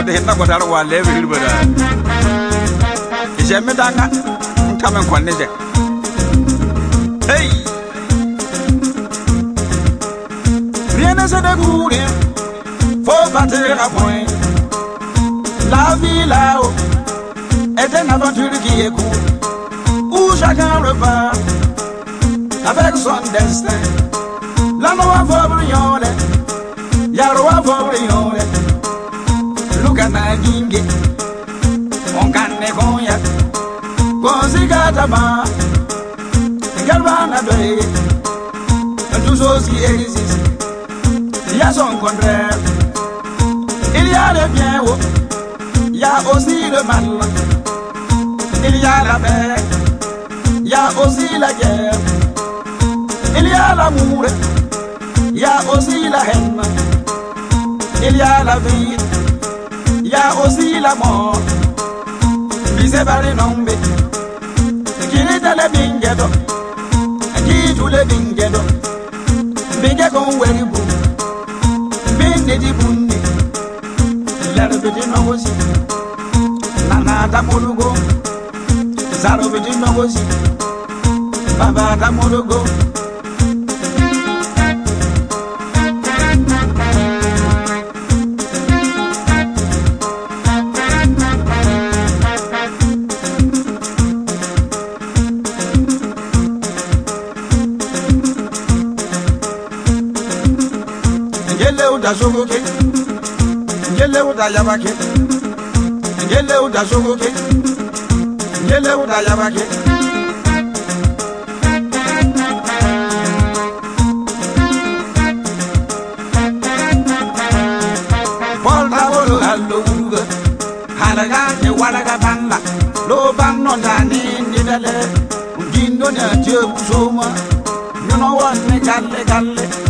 kude hinna ko dar wale be hirba da jemme danga kamen konne de hey rien se de gure faut partir à point la vie là-haut est une aventure qui est cool où chacun repart avec son destin la loi va brillonner la loi va brillonner ngana jingi onkanne koyat galbana doye tout qui existe il y a son contraire il y a le bien haut il y a aussi le mal il y a la paix il y a aussi la guerre il y a l'amour il y a aussi la haine il y a la vie y'a aussi la mort bisebari nombe tele bingedo kiitule bingedo binge kon weri bu bindidi bunni lerbidi nogosi nanata mulugo zarobidi nogosi babata mulugo Njele uda sogoke Njele uda yabake Njele uda sogoke Njele uda yabake Bolta bolo alo Halaga e ne walaga banga Lo bang non Gindo ne kusoma Nuno wan galle galle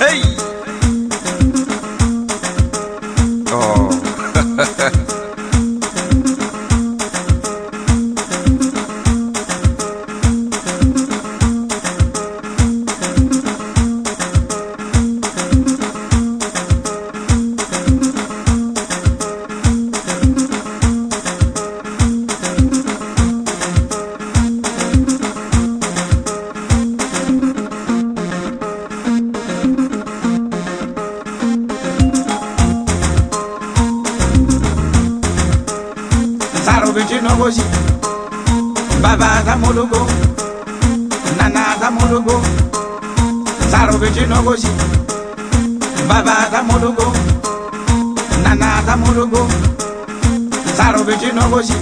嘿。Sarudu Chinogoshi Baba Zamulugo Nana Zamulugo Sarudu Chinogoshi Baba Zamulugo Nana Zamulugo Sarudu Chinogoshi